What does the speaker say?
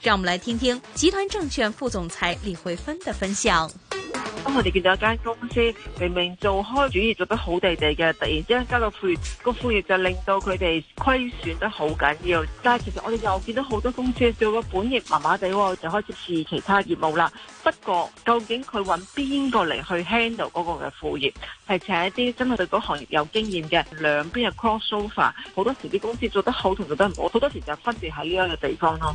讓我們來聽聽集團證券副總裁李慧芬的分享。當我哋見到一間公司明明做開主業做得好地地嘅，突然之間加到副業，個副業就令到佢哋虧損得好緊要。但係其實我哋又見到好多公司做個本業麻麻地，就開始試其他業務啦。不過究竟佢揾邊個嚟去 handle 嗰個嘅副業，係請一啲真係對個行業有經驗嘅，兩邊嘅 cross over，好多時啲公司做得好同做得唔好，好多時就分別喺呢一個地方咯。